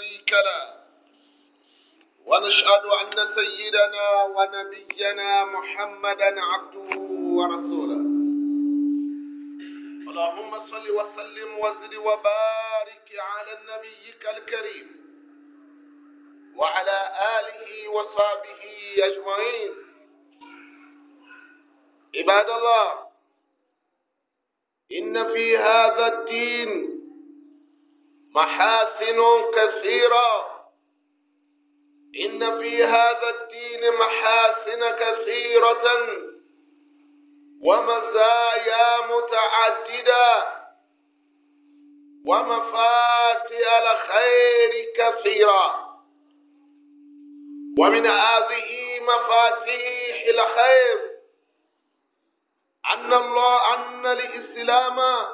شريك له ونشهد أن سيدنا ونبينا محمدا عبده ورسوله اللهم صل وسلم وزد وبارك على نبيك الكريم وعلى آله وصحبه أجمعين عباد الله إن في هذا الدين محاسن كثيرة إن في هذا الدين محاسن كثيرة ومزايا متعددة ومفاتئ الخير كثيرة ومن هذه مفاتيح الخير أن الله أن الإسلام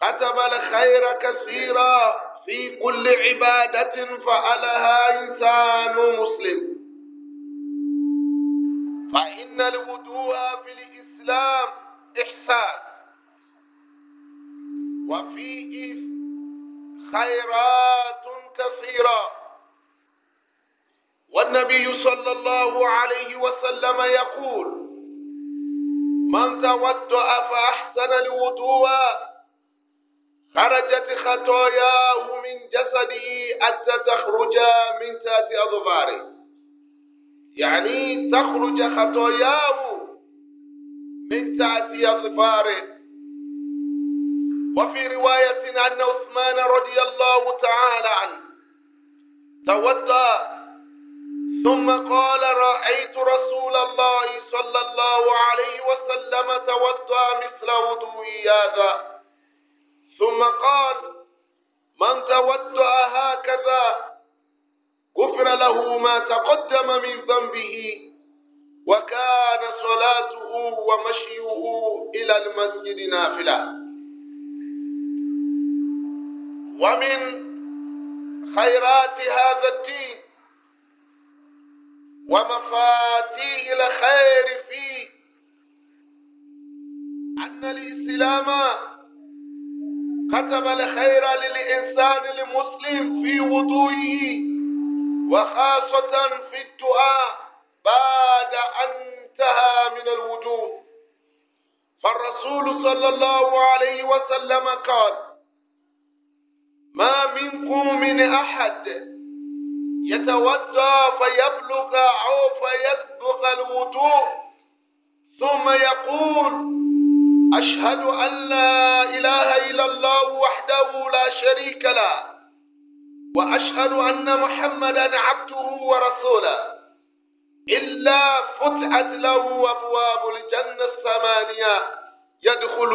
كتب الخير كثيرا في كل عبادة فعلها إنسان مسلم فإن الوضوء في الإسلام إحسان وفيه خيرات كثيرة والنبي صلى الله عليه وسلم يقول من توضأ فأحسن الوضوء خرجت خطاياه من جسده حتى تخرج من تحت أظفاره يعني تخرج خطاياه من تحت أظفاره وفي رواية أن عثمان رضي الله تعالى عنه توضأ ثم قال رأيت رسول الله صلى الله عليه وسلم توضأ مثل وضوئي هذا ثم قال من تودع هكذا غفر له ما تقدم من ذنبه وكان صلاته ومشيه إلى المسجد نافلة ومن خيرات هذا الدين ومفاتيح الخير فيه أن الإسلام كتب الخير للإنسان المسلم في وضوئه وخاصة في الدعاء بعد أن انتهى من الوضوء فالرسول صلى الله عليه وسلم قال ما منكم من أحد يتوضا فيبلغ أو فيسبق الوضوء ثم يقول أشهد أن لا إله إلا الله وحده لا شريك له وأشهد أن محمدا عبده ورسوله إلا فتحت له أبواب الجنة الثمانية يدخل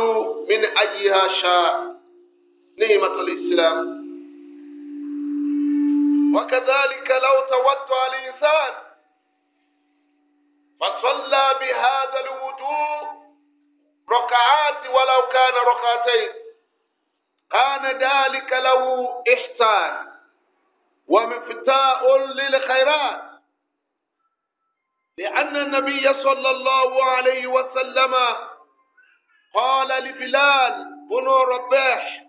من أيها شاء نعمة الإسلام وكذلك لو توضأ الإنسان فصلى بهذا الوضوء ركعات ولو كان ركعتين كان ذلك له إحسان ومفتاء للخيرات لأن النبي صلى الله عليه وسلم قال لبلال بن الرباح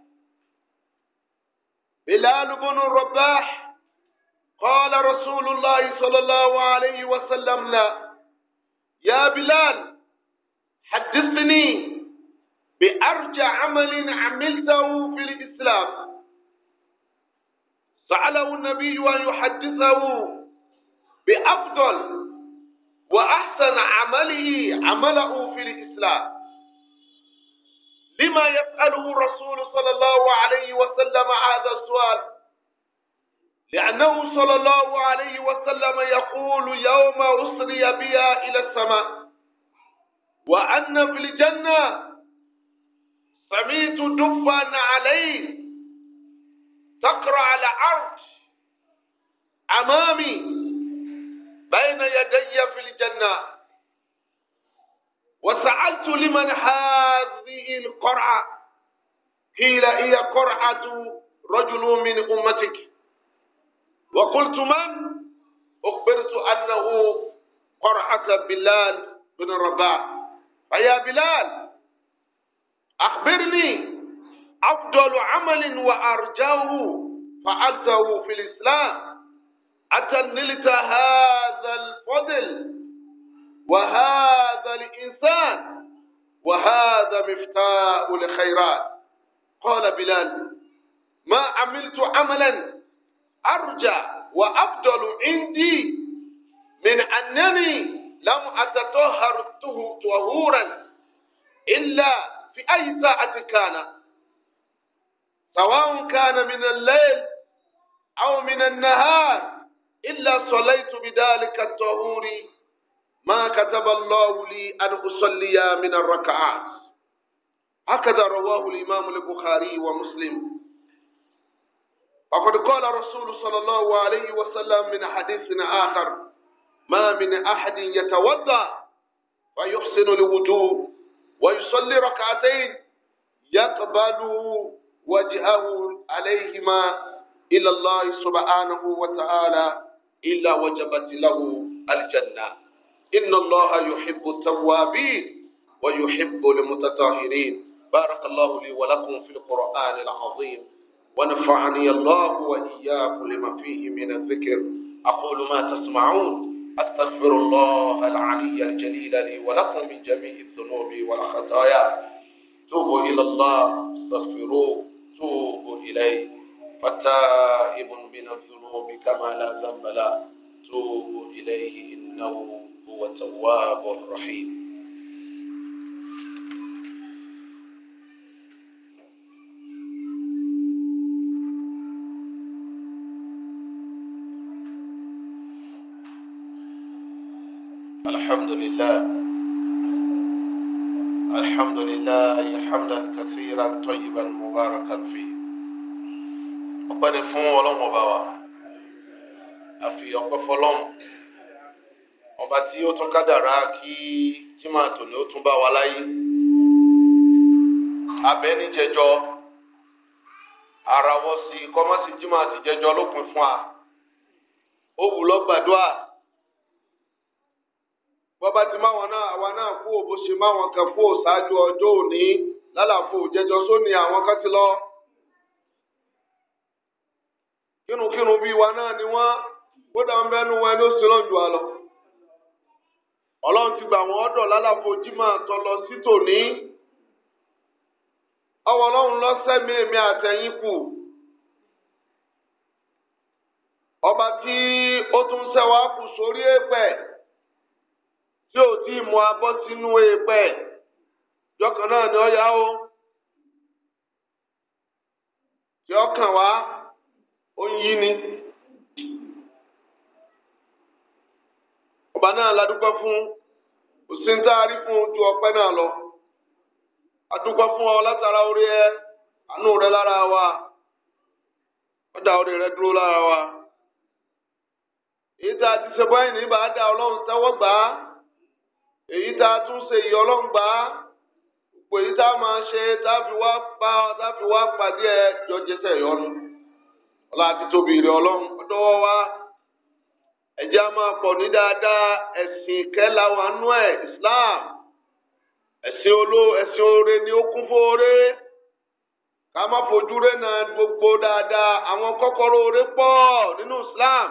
بلال بن الرباح قال رسول الله صلى الله عليه وسلم لا يا بلال حدثني بأرجى عمل عملته في الإسلام سأله النبي أن يحدثه بأفضل وأحسن عمله عمله في الإسلام لما يسأله الرسول صلى الله عليه وسلم هذا السؤال لأنه صلى الله عليه وسلم يقول يوم أسري بها إلى السماء وأن في الجنة سميت دفا عليه تقرأ على أرض أمامي بين يدي في الجنة وسألت لمن هذه القرعة قيل هي قرعة رجل من أمتك وقلت من أخبرت أنه قرعة بلال بن رباح فيا بلال أخبرني أفضل عمل وأرجوه فعلته في الإسلام أتنلت هذا الفضل وهذا الإنسان وهذا مفتاح الخيرات قال بلال ما عملت عملا أرجى وأفضل عندي من أنني لم أتطهر طهورا إلا في أي ساعة كان سواء كان من الليل أو من النهار إلا صليت بذلك الطهور ما كتب الله لي أن أصلي من الركعات هكذا رواه الإمام البخاري ومسلم وقد قال رسول صلى الله عليه وسلم من حديث آخر ما من أحد يتوضأ ويحسن الوضوء ويصلي ركعتين يقبل وجهه عليهما إلى الله سبحانه وتعالى إلا وجبت له الجنة إن الله يحب التوابين ويحب المتطهرين بارك الله لي ولكم في القرآن العظيم ونفعني الله وإياكم لما فيه من الذكر أقول ما تسمعون أستغفر الله العلي الجليل لي ولكم من جميع الذنوب والخطايا توبوا إلى الله استغفروه توبوا إليه فتائب من الذنوب كما لا ذنب له توبوا إليه إنه هو التواب الرحيم الحمد لله الحمد لله حمدا كثيرا طيبا مباركا فيه ọpẹ́ ni fún ọlọ́run ọba wa àfi ọpẹ́ fọ́lọ́run ọba tí ó tún kádàrá kí jimá tòní ó tún bá wa láyé abẹ níjẹjọ arawọ sí kọmọsí jimá àtijẹjọ lópin fún wa ó wù lọ bọ́ba ti máwọn náà àwa náà kú òbó ṣe máwọn kan kú òṣáájú ọjọ́ òní lálàfo òjẹjọ sóni àwọn kan ti lọ. kírunkírun bíi wa náà ni wọ́n kódà ń bẹ́nu wọn ló ṣe lọ́jọ́ àlọ́. ọlọ́run ti gbà wọ́n ọ̀dọ̀ lálàfo jimá tọ́ lọ sí tòní. ọwọ́ ọlọ́run lọ́sẹ̀mí èmi àtẹ̀yìn kù. ọba tí ó tún ṣẹ́wàá kù sórí èèpẹ̀. tí ozi tí ì mú abọ́ sínú eèpẹ̀ jọkàn náà ni o tí ọ kàn wá ó ni. ọba náà la dúpẹ́ fún òsíntáàrí fún ojú ọpẹ́ náà lọ adúpẹ́ fún ọ látara orí ẹ àánú rẹ lára wa ọjà orí rẹ dúró lára wa èyí tá a ti ṣe bọ́yìn ní da ọlọ́run èyí tá a tún ṣe yìí ọlọ́run gbà á gbogbo èyí tá a máa ṣe tá a fi wá pa tá a fi wá pàdé ẹ jọjẹsẹ ìyọnu ọlá àti tóbi rẹ ọlọ́run ọdọwọ wa ẹjẹ a máa pọ̀ ní dáadáa ẹ̀sìn kẹla wa nú ẹ Islam ẹ̀sìn oló ẹ̀sìn oore ni ó kún fún oore ká má fojú rẹ náà gbogbo dáadáa àwọn kọ́kọ́rọ́ oore pọ̀ nínú Islam.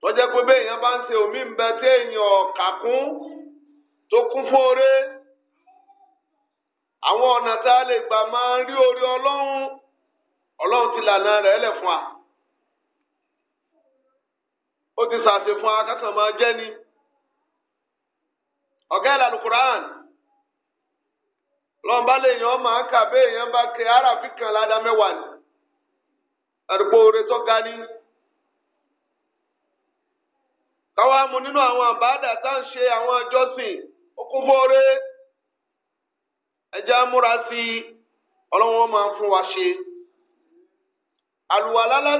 tọ́jẹ́ pé béèyàn bá ń ṣe omi ń bẹ téèyàn kàkún tó kún fóore àwọn ọ̀nà tá a lè gbà máa rí orí ọlọ́run ọlọ́run ti lànà rẹ̀ lẹ̀ fún wa ó ti sàṣe fún wa kásán máa jẹ́ ni ọ̀gá ìlànà Quran lọ́n bá lè yan máa kà béèyàn bá kẹ́ àràfin kan ládàá mẹ́wàá ni àdúgbò oore tó ga ni. káwá mu nínú àwọn àbáàdà tá à ń ṣe àwọn ìjọsìn okùn fóore ẹjẹ múra sí ọlọ́wọ́n máa ń fún wa ṣe. àlùwàlá ni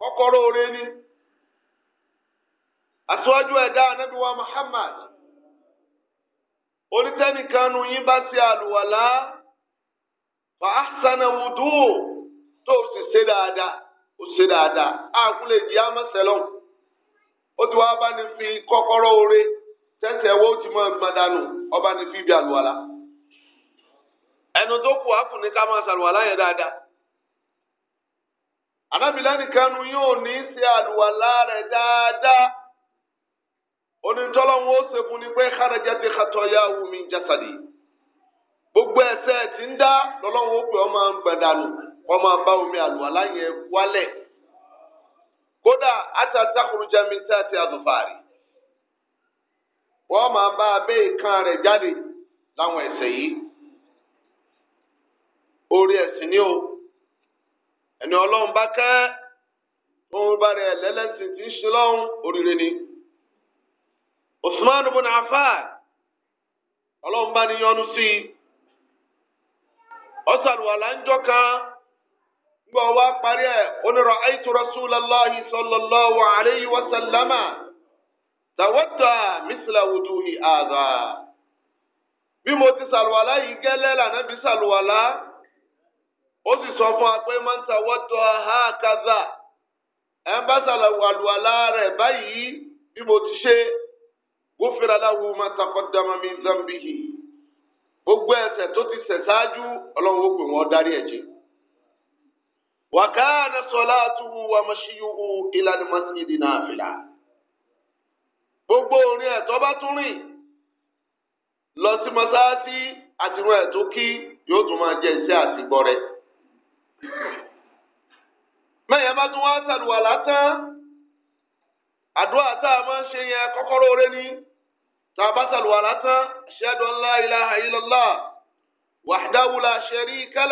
kọ́kọ́rọ́ oore ni. ẹ̀dá Muhammad onítẹ́nìkan yín bá ṣe àlùwàlá fa ahsana tó o sì ṣe dáadáa o ṣe dáadáa a kún ji Otu ti wá bá ní fi kọ́kọ́rọ́ oore tẹ́sẹ̀ wo ti mọ gbadanu ọba ní fi ẹnu tó kù á ní ká máa ṣàlùwàlá dáadáa anábìlẹ́ni kanu yóò ní í ṣe dáadáa pé ya wumi jásàdì gbogbo ń dá lọ́lọ́wọ́ kódà àtà takurujà mi tí a ti àdùfàárì wọ́n máa bá abẹ́ ìkan rẹ̀ láwọn ẹ̀ṣẹ̀ yìí orí ẹ̀sìn ni o ẹni ọlọ́run bá kẹ́ òun lẹ́lẹ́sìn tí ń ṣe ọlọ́run gbọ́ wá parí ẹ̀ e, onírọ̀ àìtú rasúlọ́láhi sọlọ́láhu àlẹ́yí wasalama tàwọ́tà mísìlá wudu ìhàdà. bí mo ti sàlùwàlá yìí gẹ́lẹ́ lànà bí sàlùwàlá ó sì sọ fún wa pé máa ń tàwọ́tà ha kaza ẹ̀ ń bá sàlùwàlá rẹ̀ báyìí bí mo ti ṣe gófìrà láwù máa takọ́dámà mi zambihi gbogbo ẹ̀ṣẹ̀ tó ti ṣẹ̀ ṣáájú ọlọ́run ó pè wọ́n dárí ẹ̀jẹ̀ wàkàánà sọláàtúwù wà mọṣíyùú ìlànà mọsídì náà fìlà gbogbo orin ẹ̀tọ́ bá tún rìn lọ sí mọ́sáàsì àtirun ẹ̀tọ́ kí yóò tún máa jẹ iṣẹ́ àtìgbọ́ rẹ̀ mẹ́yẹ̀ bá tún wá sàlùwà látàn àdúrà tá a máa ń ṣe yẹn kọ́kọ́rọ́ oore ní tá a bá sàlùwà látàn ashhadu an la ilaha illallah wahdahu la sharika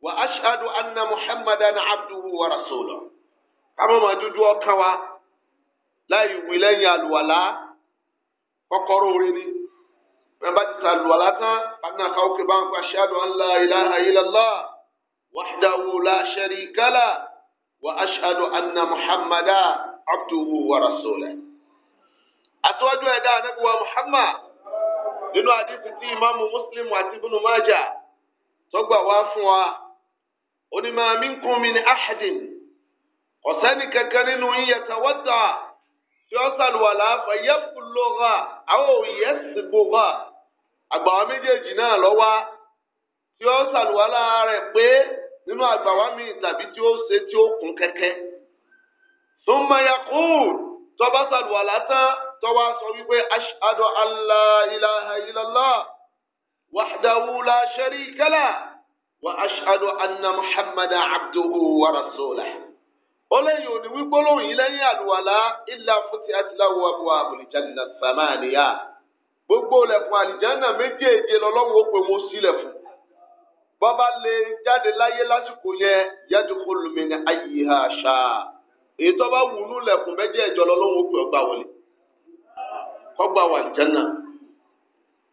wa ashadu anna muhammadan abduhu wa rasuluhu kámọ́ máa dúdú ọkàn wa láì wí lẹ́yìn àlùwàlá kọ́kọ́rọ́ orin ni wọ́n bá ti ta àlùwàlá tán bàtà káwọ́kẹ́ bá ń pa ashadu an la ilaha illallah wahdahu la sharika lah wa ashadu anna muhammadan abduhu wa rasuluhu. àtiwájú ẹ̀dá anábíwá muhammad nínú àdìsí tí ìmáàmù muslim àti ibùnú májà tọ́gbà wá fún wa onímọ̀ minkum min ahadin ọ̀sẹ́ni kankan nínú yín yatawadda tí ó sàlùwàlà fayabulugha aw yasbugha àgbàwá méjèèjì náà lọ́wọ́ tí ó sàlùwàlà rẹ̀ pé nínú àgbàwá mi tàbí tí ó ṣe tí ó kún kẹ́kẹ́ summa yaqul tọ́ba sàlùwàlà tán tọ́wá sọ wípé ashhadu an ilaha illallah wahdahu la sharika وأشهد أن محمدا عبده ورسوله ولن يقولون إلي الولاء إلا فتحت له أبواب الجنة الثمانية gbogbo lẹ̀kùn àlìjáná méjèèje lọ́lọ́run ó pe mo sílẹ̀ fún bàbá lè jáde láyé lásìkò yẹn yadkhulu min ayyiha sha èyí tó bá wù nú lẹ̀kùn méjèèjọ lọ́lọ́run ó pe ọgbà wọlé wà àlìjáná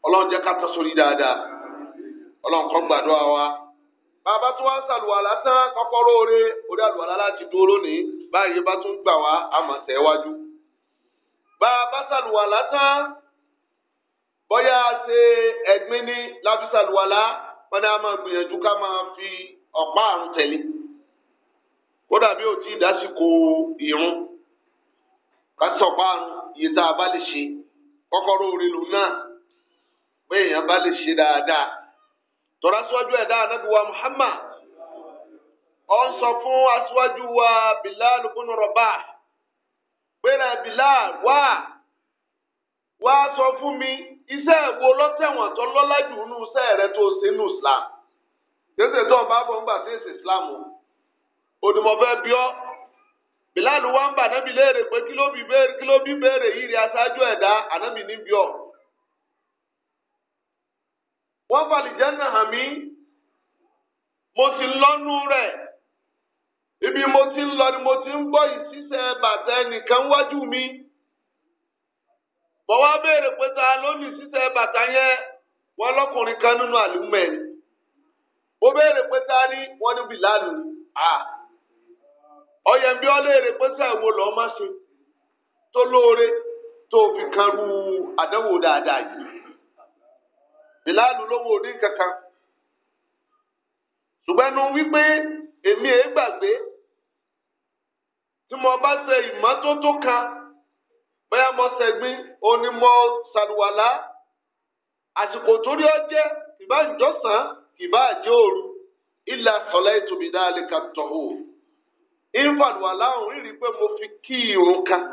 Ọlọ́run jẹ́ ká tọ dáadáa Ọlọ́run wa. bàbá tó wá sàlùwàlá tán kọ́kọ́rọ́ oore orí àlùwàlá láti dúró lónìí báyìí bá tún gbà wá àmọ̀ tẹ̀ wájú. bàbá sàlùwàlá tán bóyá ṣe ẹ̀gbin ní láfi sàlùwàlá wọn ni a máa gbìyànjú ká máa fi ọ̀pá àrùn tẹ̀lé kódà bí o ti dásìkò ìrun kásì ọ̀pá àrùn iye tá a bá lè ṣe kọ́kọ́rọ́ oore lòun náà pé èèyàn bá lè ṣe dáadáa. tọrọ síwájú ẹ̀dá anábìwá Muhammad ọ ń sọ fún aṣíwájú wa Bilal ibn Rabah Bilal wá wá sọ fún mi iṣẹ́ wo lọ́tẹ̀wọ̀n tó lọ́lá jù nínú iṣẹ́ rẹ tó ṣe nínú Islam kéṣe tó ọba bọ̀ ń gbà sí Islam Bilal wá ń bà pé yìí rí aṣáájú ẹ̀dá wọ́n fàlìjẹ́ náà àmì mo ti lọ́nu rẹ ibi mo ti ń lọ ni mo ti ń gbọ́ ìṣiṣẹ́ bàtà wájú mi mo wá béèrè pé ta ló ní ìṣiṣẹ́ bàtà yẹn kan nínú mo béèrè pé ta ni wọ́n ní bìláàlù à wo má ṣe tó lóore tó ru àdánwò dáadáa yìí. Bíláàlù lówó orí kankan ṣùgbọ́n ẹnu wípé èmi èé gbàgbé tí mo bá ṣe ìmọ́tótó kan bóyá mo ṣẹ̀gbin òní mo ṣàlùwàlá àsìkò torí ọjẹ́ ìbá ìjọsàn ìbá àjẹ́ òru ilà sọlá ìtòbí dáálé ká tọ̀hó ìfàlùwàlá òun rí rí pé mo fi kí irun kan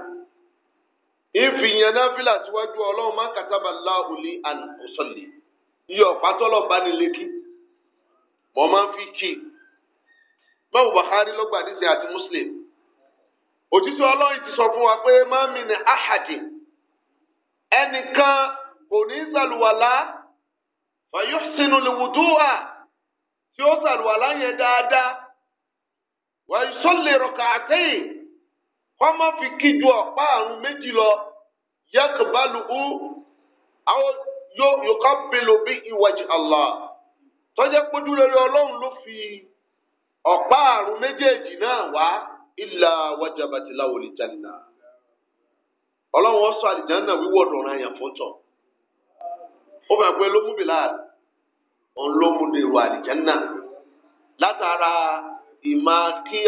ìfìyàn náà fìlà síwájú ọlọ́run má kàtàbà láhùlí àná òsàlẹ̀ iye ọ̀pá tọ́lọ̀ bá ní lékì mọ̀ máa ń fi kì í báwo Bukhari ló gbà níṣẹ́ àti Muslim òjíṣẹ́ ọlọ́run ti sọ fún wa pé máa mi ní ahadi ẹnìkan kò ní sàlùwàlá fàyọ sínú lùwùdúwà tí ó sàlùwàlá yẹn dáadáa wàá sọlẹ rọkà àtẹyìn kọ́mọ́ fi kí ju ọ̀pá àrùn méjì lọ yẹ kò bá lù ú àwọn. yuqabbilu bihi wajh Allah tọ́jẹ́ pójú rere ọlọ́run ló fi ọ̀pá àrùn méjèèjì náà wá illa wajabati lahu ọlọ́run ó sọ wíwọ́ ọ̀dọ̀ràn àyàn fún ó fẹ́ pé òun ló mú látara ìmọ̀ kí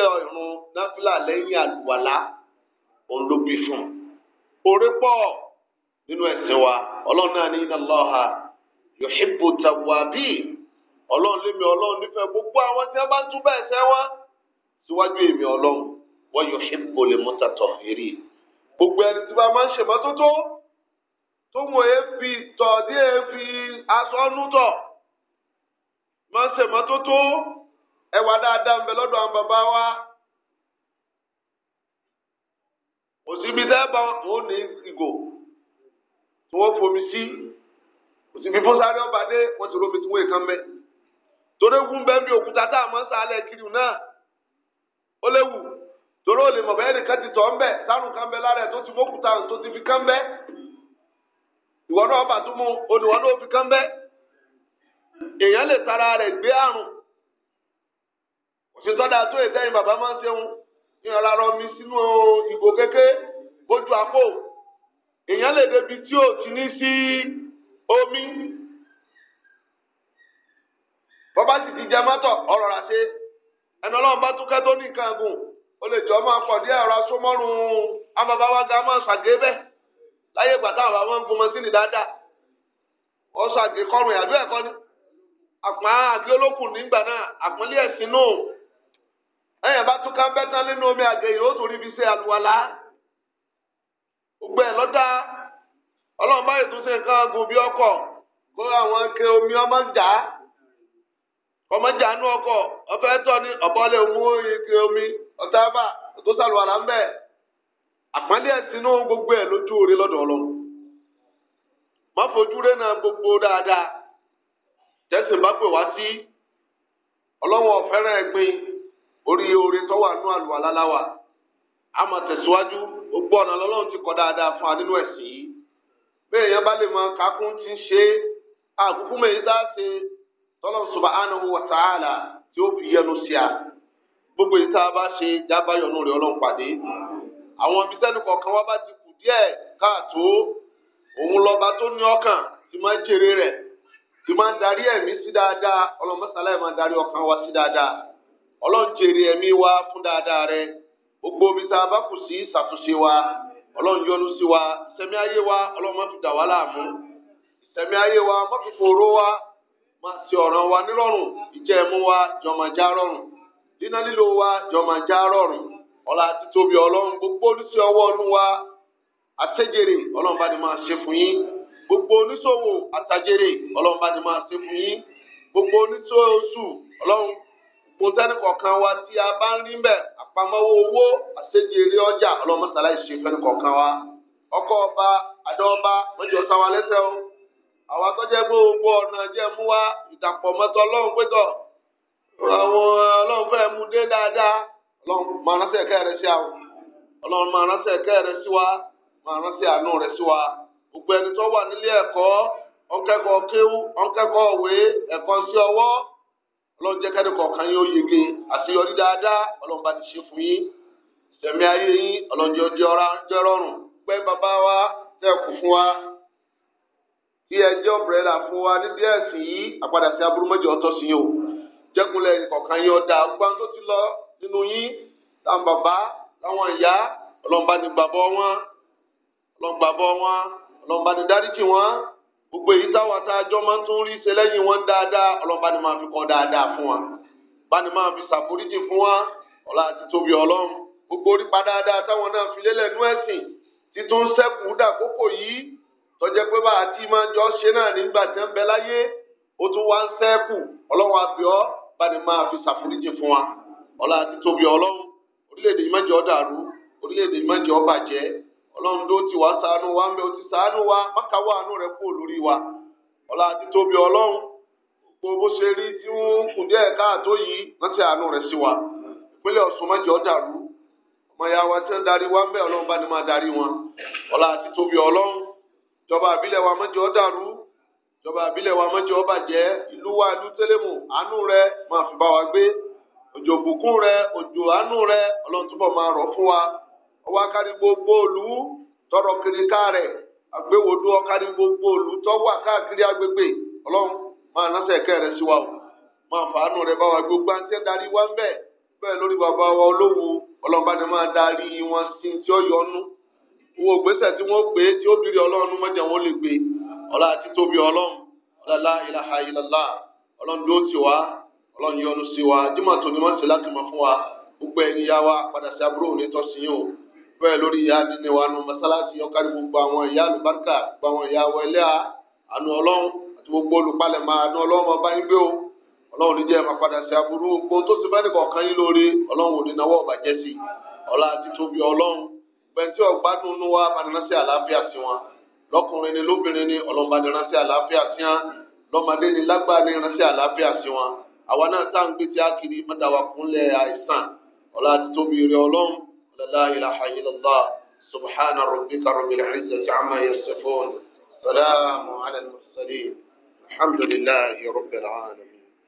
ọlọ́run náà ní iná lọ́ha yòṣìbò tàwábì ọlọ́run lémi ọlọ́run nífẹ̀ẹ́ gbogbo àwọn tí wọ́n bá ń túbọ̀ ẹ̀ṣẹ̀ wọn síwájú èmi ọlọ́run wọ́n yòṣìbò lè mú tàtọ̀ eré gbogbo ẹni tí wọ́n máa ń ṣèmọ́tótó tó mọ̀ é fi tọ̀ dí é fi aṣọ nú tọ̀ máa ń ṣèmọ́tótó ẹwà dáadáa ń bẹ lọ́dọ̀ àwọn bàbá wa. òsibí dẹ́ẹ̀bà òun ní ìgò tí wọ́n fomi sí kò sí fífún sáré ọba dé wọ́n ti rómi tí wọ́n èèkan mẹ́ torí egun bẹ́ẹ̀ bí òkúta tá a mọ̀ ń sálẹ̀ kiri náà ó léwu torí ó mọ̀ bẹ́ẹ̀ nìkan ti tọ̀ ń bẹ̀ sárùn kan bẹ lára ẹ̀ tó ti mọ́kúta tó ti fi kán bẹ́ ìwọ náà ọba tó mú olùwọ́n náà fi kán bẹ́ èèyàn lè tara rẹ̀ gbé àrùn òṣìṣọ́dà tó ètẹ́yìn bàbá máa ń ṣeun ní ọ̀la rọ mi sínú ìgò kékeré bójú àpò èèyàn lè débi tí o ti ní sí omi bọ́bá sì ti jẹ mọ́tọ̀ ọ̀rọ̀ rà ṣe ẹni ọlọ́run bá túkẹ́ tó ní nǹkan gùn lè jọ máa pọ̀ ọ̀rọ̀ amábáwá ga máa ṣàgé bẹ́ẹ̀ láyé ìgbà táwọn àwọn ń gun dáadáa ó ṣàgé kọrùn ìyàdó ẹ̀kọ́ ni àpá àgé olókùn nígbà náà ẹ̀sìn náà ẹ̀yìn bá túkẹ́ bẹ́tán nínú omi àgé yìí ó tún gbogbo lọta lọ́dá ọlọ́run báyìí tún ṣe nǹkan gùn bí kó àwọn ike omi ọmọ jà á ọmọ ń jà nú ike omi ọ̀táfà tó sàlùwàlà ń bẹ̀ gbogbo ẹ̀ lójú òre lọ́dọ̀ ọlọ́run má fojú gbogbo dáadáa tẹ̀sìn bá pè wá sí orí oore tó wà a máa tẹ̀síwájú gbogbo ọ̀nà lọ́lọ́run ti kọ́ dáadáa fún wa nínú ẹ̀sìn yìí bẹ́ẹ̀ yẹn bá lè mọ kakún ti ń ṣe àkúkú mẹ́rin dá ṣe tọ́lọ́run subhanahu wa ta'ala tí ó fi yẹnu sí a gbogbo èyí tá a bá ṣe jábáyọ̀nù rẹ̀ ọlọ́run pàdé àwọn ibi tẹ́nu kọ̀ọ̀kan wá bá ti kù díẹ̀ káàtó òun lọ́ba tó ní ọkàn ti máa ń jèrè rẹ̀ ti máa ń darí ẹ̀mí sí dáadáa ọlọ́run jèrè gbogbo omi tá a bá kù sí ṣàtúnṣe wa ọlọ́run yọ́nú sí wa ìṣẹ̀mí ayé wa ọlọ́run má fi dà wá láàmú ìṣẹ̀mí ayé wa má fi fòró wa má ṣe ọ̀ràn wa nílọ́rùn ìjẹ́ wa jọ máa já rọrùn dínà lílo wa jọ máa já rọrùn ọlá títóbi ọlọ́run gbogbo oníṣẹ́ ọwọ́ ọlú wa àtẹ́jèrè ọlọ́run bá ní máa ṣe fún yín gbogbo oníṣòwò àtàjèrè ọlọ́run bá ní máa ṣe fún yín gbogbo oníṣòwò mo tẹ́ni wa tí a bá ń rí mbẹ àpamọ́wọ́ owó àṣejèrè ọjà ọlọ́mọsálá ìṣe fẹ́ni kọ̀ọ̀kan wa ọkọ ọba àdọ́ọba mọjọ sáwa lẹ́sẹ̀ o àwa pé gbogbo ọ̀nà jẹ́ mú wa ìdàpọ̀ mọ́tọ́ ọlọ́run pétọ̀ àwọn ọlọ́run fẹ́ dé dáadáa ọlọ́run máa ránṣẹ́ ẹ̀kẹ́ rẹ sí àwọn ọlọ́run máa ránṣẹ́ ẹ̀kẹ́ rẹ sí wa máa ránṣẹ́ àánú rẹ sí wa gbogbo ẹni tó wà nílé ẹ̀kọ́ ọ̀kẹ́kọ̀ọ́ kéwú ọlọ́run jẹ́ kẹ́ni kọ̀ọ̀kan yóò yege àṣeyọrí dáadáa ọlọ́run bá ti ṣe fún yín ìṣẹ̀mí ayé yín ọlọ́run jẹ́ ọjọ́ rọrùn pé bàbá wa tẹ̀kù fún wa kí ẹjẹ́ ọ̀bẹ̀rẹ̀là fún wa ní díẹ̀ sí yí àpadà sí aburú mẹ́jọ ọ̀tọ̀ sí yín o jẹ́kunlẹ̀ kọ̀ọ̀kan yín ọ̀dà gbọ́n tó ti lọ nínú yín táwọn bàbá táwọn ìyá ọlọ́run bá ti gbàbọ́ wọn ọlọ́run gbàbọ́ wọn ọlọ́run bá ti dáríjì wọn gbogbo èyí táwọn àtàjọ máa ń tún rí ṣe lẹ́yìn wọn dáadáa ọlọ́ba ni máa fi kọ́ dáadáa fún wa bá ni máa fi ṣàforíjì fún wa ọlá àti tóbi ọlọ́run gbogbo orípa dáadáa táwọn náà fi lélẹ̀ nú ẹ̀sìn títún sẹ́kù dàkókò yìí tọ́jẹ́ pé bá àti máa jọ ṣe náà nígbà tí wọ́n bẹ láyé ó tún wá ń sẹ́kù ọlọ́run àbíọ́ bá ni máa fi ṣàforíjì fún wa ọlá àti tóbi ọlọ́run orílẹ̀ yìí má dàrú orílẹ̀ yìí má jẹ́ ọlọ́run tó ti wá ṣàánú wa ń bẹ ó ti ṣàánú wa mákàwá àánú rẹ̀ kúrò lórí wa ọlá àti tóbi ọlọ́run gbogbo bó ṣe rí tí ń kùn díẹ̀ káàtó yìí rántí àánú rẹ̀ wa ìpínlẹ̀ mẹ́jọ dàrú ọmọ ìyá wa wa ń ọlọ́run bá ní máa darí wọn àti tóbi ọlọ́run ìjọba àbílẹ̀ wa mẹ́jọ dàrú ìjọba àbílẹ̀ wa mẹ́jọ bàjẹ́ ìlú wa ìlú tẹ́lẹ̀mù àánú rẹ̀ máa fi bá wa gbé òjò òbùkún òjò àánú ọlọ́run túbọ̀ máa rọ̀ fún wa ọwọ́ akárí gbogbo olu tọrọ kiri rẹ rẹ̀ àgbéwòdú ọkárí gbogbo òlú tọ́wọ́ káàkiri agbègbè ọlọ́run máa náṣẹ́ ẹ̀kẹ́ sí wa o máa fàánù rẹ bá wa gbogbo àǹtẹ̀ darí wa ń bẹ̀ bẹ́ẹ̀ lórí bàbá wa olówó máa darí wọn sí tí yọnu owó gbèsè tí gbé tí ó wọn lè gbé àti tóbi ọlọrun ìlàhà ìlàlá ti wá sí bẹ́ẹ̀ lórí adínnì wa nu mọ́sálásí ọ̀kárí gbogbo àwọn ìyá àlùbáríkà gbogbo àwọn ìyá àwọn ẹlẹ́à àánú ọlọ́run àti gbogbo olùpalẹ̀mọ́ àánú ọlọ́run ọba yín gbé o ọlọ́run ní jẹ́ máa padà sí aburú gbogbo tó ti bẹ́ẹ̀ kọ̀ọ̀kan yín lórí ọlọ́run ò ní náwó ọ̀bàjẹ́ sí ọlá àti tóbi ọlọ́run bẹ̀ntì ọ̀gbádùn inú wa baniránṣẹ́ àlàáfíà sí wọn lọ́kùnrin ni lóbìnrin ni ọlọ́run kiri mọ́tàwá kúnlẹ̀ àìsàn ọlá àti tóbi rẹ ọlọ́run لا إله إلا الله سبحان ربك رب العزة عما يصفون سلام على المرسلين الحمد لله رب العالمين